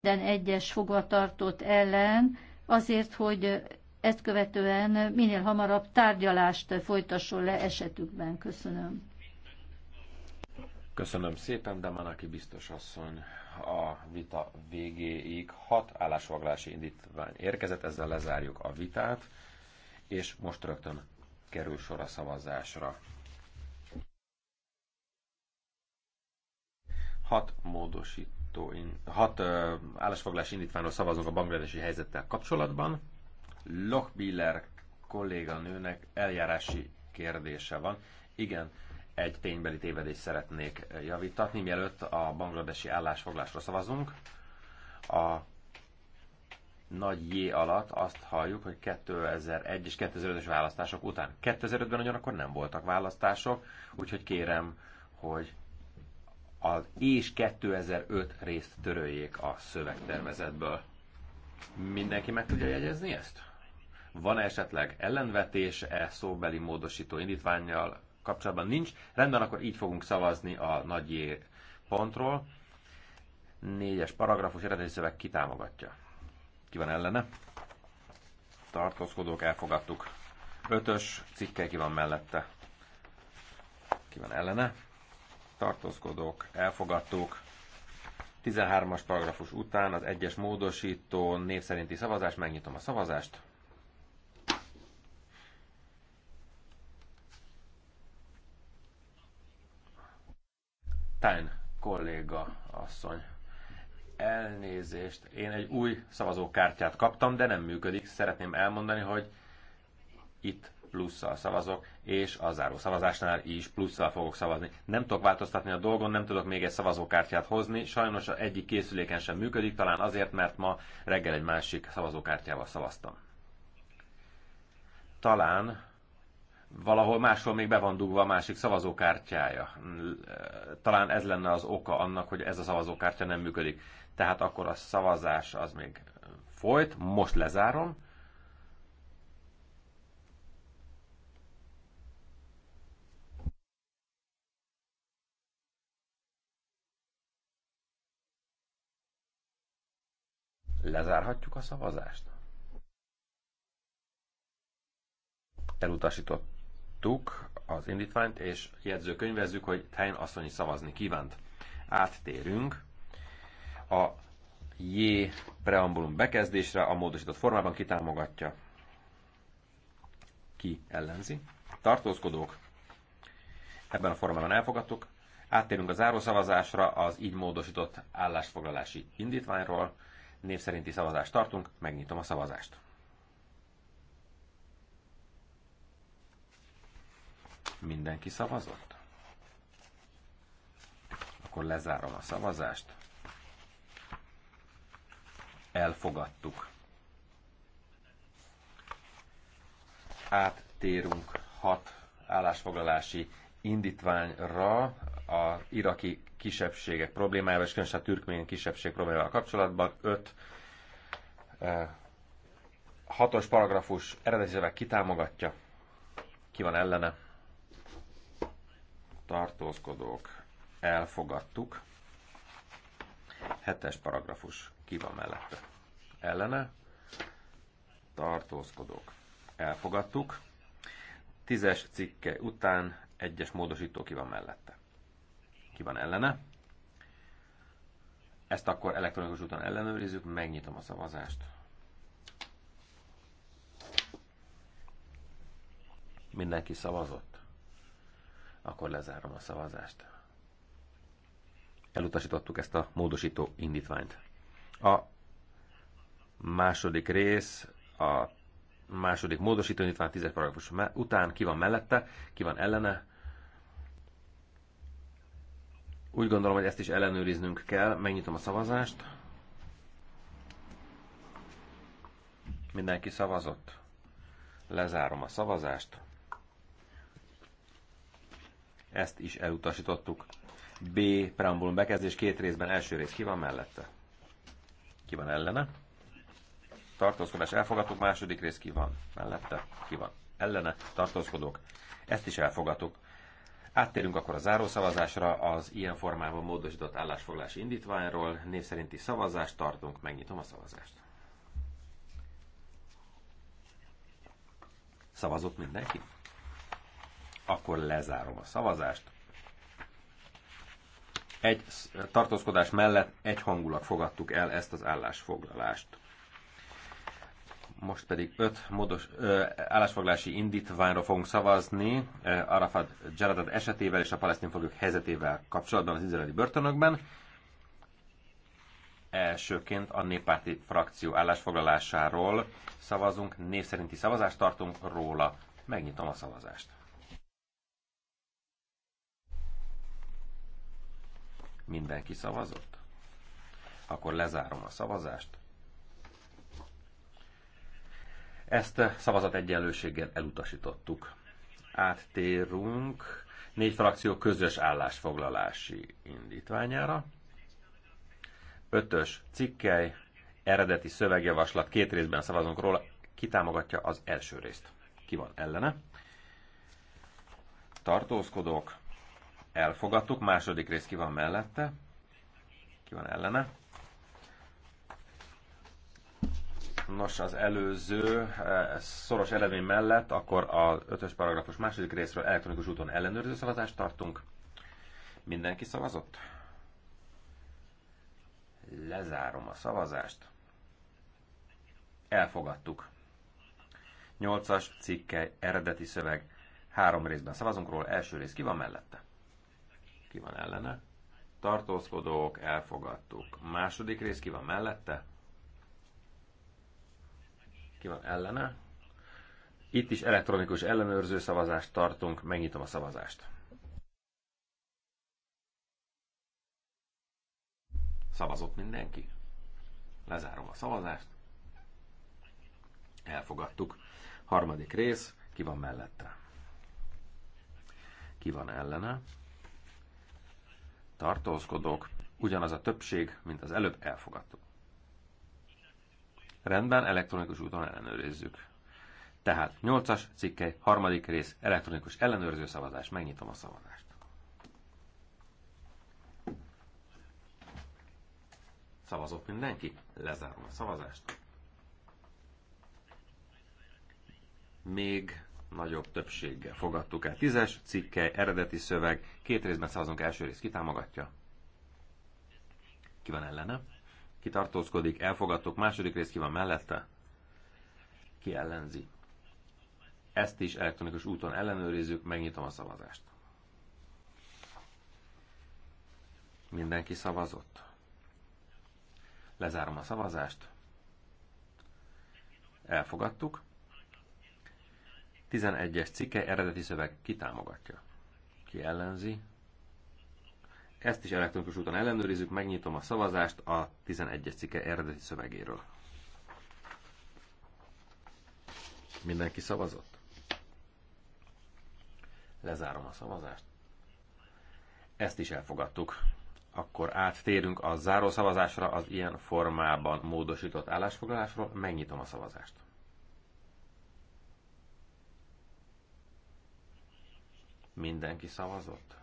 minden egyes fogvatartott ellen, azért, hogy ezt követően minél hamarabb tárgyalást folytasson le esetükben. Köszönöm. Köszönöm szépen, de Manaki biztos asszony a vita végéig hat állásfoglalási indítvány érkezett, ezzel lezárjuk a vitát, és most rögtön kerül sor a szavazásra. Hat módosító, hat uh, állásfoglalás indítványról szavazunk a bangladesi helyzettel kapcsolatban. Lochbiller kolléganőnek eljárási kérdése van. Igen, egy ténybeli tévedést szeretnék javítatni, mielőtt a bangladesi állásfoglásra szavazunk. A nagy J alatt azt halljuk, hogy 2001 és 2005-ös választások után. 2005-ben ugyanakkor nem voltak választások, úgyhogy kérem, hogy az és 2005 részt töröljék a szövegtervezetből. Mindenki meg tudja jegyezni ezt? Van -e esetleg e szóbeli módosító indítványjal kapcsolatban? Nincs. Rendben, akkor így fogunk szavazni a nagy J pontról. Négyes paragrafus eredeti szöveg kitámogatja. Ki van ellene? Tartózkodók elfogadtuk. Ötös cikke ki van mellette? Ki van ellene? tartózkodók, elfogadtuk. 13-as paragrafus után az egyes módosító név szerinti szavazás, megnyitom a szavazást. Tán kolléga asszony. Elnézést, én egy új szavazókártyát kaptam, de nem működik. Szeretném elmondani, hogy itt plusszal szavazok, és a záró szavazásnál is plusszal fogok szavazni. Nem tudok változtatni a dolgon, nem tudok még egy szavazókártyát hozni, sajnos az egyik készüléken sem működik, talán azért, mert ma reggel egy másik szavazókártyával szavaztam. Talán valahol máshol még be van dugva a másik szavazókártyája. Talán ez lenne az oka annak, hogy ez a szavazókártya nem működik. Tehát akkor a szavazás az még folyt, most lezárom Lezárhatjuk a szavazást? Elutasítottuk az indítványt, és jegyzőkönyvezzük, hogy Tein asszonyi szavazni kívánt. Áttérünk a J preambulum bekezdésre a módosított formában kitámogatja. Ki ellenzi? Tartózkodók. Ebben a formában elfogadtuk. Áttérünk a zárószavazásra az így módosított állásfoglalási indítványról. Név szerinti szavazást tartunk, megnyitom a szavazást. Mindenki szavazott? Akkor lezárom a szavazást. Elfogadtuk. Áttérünk hat állásfoglalási indítványra a iraki kisebbségek problémájával, és különösen a türkmén kisebbség problémájával kapcsolatban. 5 eh, hatos paragrafus eredeti kitámogatja, ki van ellene. Tartózkodók, elfogadtuk. Hetes paragrafus, ki van mellette. Ellene, tartózkodók, elfogadtuk. Tízes cikke után egyes módosító ki van mellette ki van ellene. Ezt akkor elektronikus úton ellenőrizzük, megnyitom a szavazást. Mindenki szavazott? Akkor lezárom a szavazást. Elutasítottuk ezt a módosító indítványt. A második rész, a második módosító indítvány 10 paragrafus után ki van mellette, ki van ellene, úgy gondolom, hogy ezt is ellenőriznünk kell. Megnyitom a szavazást. Mindenki szavazott. Lezárom a szavazást. Ezt is elutasítottuk. B. Preambulum bekezdés két részben. Első rész ki van mellette? Ki van ellene? Tartózkodás elfogadtuk. Második rész ki van mellette? Ki van ellene? Tartózkodók. Ezt is elfogadtuk. Áttérünk akkor a zárószavazásra az ilyen formában módosított állásfoglalás indítványról. Név szerinti szavazást tartunk, megnyitom a szavazást. Szavazott mindenki? Akkor lezárom a szavazást. Egy tartózkodás mellett egy hangulat fogadtuk el ezt az állásfoglalást. Most pedig öt módos ö, állásfoglási indítványra fogunk szavazni ö, Arafat Jaradat esetével és a palesztin foglyok helyzetével kapcsolatban az izraeli börtönökben. Elsőként a néppárti frakció állásfoglalásáról szavazunk, név szerinti szavazást tartunk róla. Megnyitom a szavazást. Mindenki szavazott? Akkor lezárom a szavazást. Ezt szavazat egyenlőséggel elutasítottuk. Áttérünk négy frakció közös állásfoglalási indítványára. Ötös cikkely, eredeti szövegjavaslat, két részben szavazunk róla, kitámogatja az első részt. Ki van ellene? Tartózkodók, elfogadtuk, második rész ki van mellette, ki van ellene, Nos, az előző eh, szoros elemény mellett akkor a 5-ös paragrafus második részről elektronikus úton ellenőrző szavazást tartunk. Mindenki szavazott? Lezárom a szavazást. Elfogadtuk. 8-as cikke, eredeti szöveg. Három részben szavazunk róla. Első rész ki van mellette? Ki van ellene? Tartózkodók, elfogadtuk. Második rész ki van mellette? Ki van ellene? Itt is elektronikus ellenőrző szavazást tartunk, megnyitom a szavazást. Szavazott mindenki? Lezárom a szavazást. Elfogadtuk. Harmadik rész, ki van mellette? Ki van ellene? Tartózkodók, ugyanaz a többség, mint az előbb elfogadtuk. Rendben, elektronikus úton ellenőrizzük. Tehát 8-as cikke, harmadik rész, elektronikus ellenőrző szavazás. Megnyitom a szavazást. Szavazott mindenki? Lezárom a szavazást. Még nagyobb többséggel fogadtuk el. Tízes cikke, eredeti szöveg, két részben szavazunk, első rész kitámogatja. Ki van ellene? ki tartózkodik, elfogadtok, második rész ki van mellette, ki ellenzi. Ezt is elektronikus úton ellenőrizzük, megnyitom a szavazást. Mindenki szavazott. Lezárom a szavazást. Elfogadtuk. 11-es cikke eredeti szöveg kitámogatja. Ki ellenzi, ezt is elektronikus úton ellenőrizzük, megnyitom a szavazást a 11-es cikke eredeti szövegéről. Mindenki szavazott? Lezárom a szavazást. Ezt is elfogadtuk. Akkor áttérünk a záró szavazásra az ilyen formában módosított állásfoglalásról. Megnyitom a szavazást. Mindenki szavazott?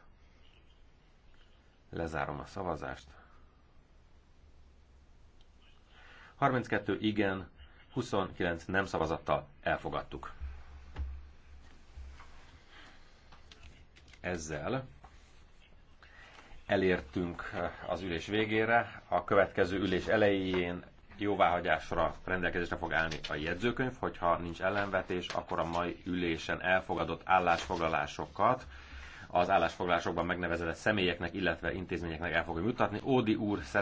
Lezárom a szavazást. 32 igen, 29 nem szavazattal elfogadtuk. Ezzel elértünk az ülés végére. A következő ülés elején jóváhagyásra rendelkezésre fog állni a jegyzőkönyv, hogyha nincs ellenvetés, akkor a mai ülésen elfogadott állásfoglalásokat az állásfoglalásokban megnevezett személyeknek, illetve intézményeknek el fogom juttatni. Ódi úr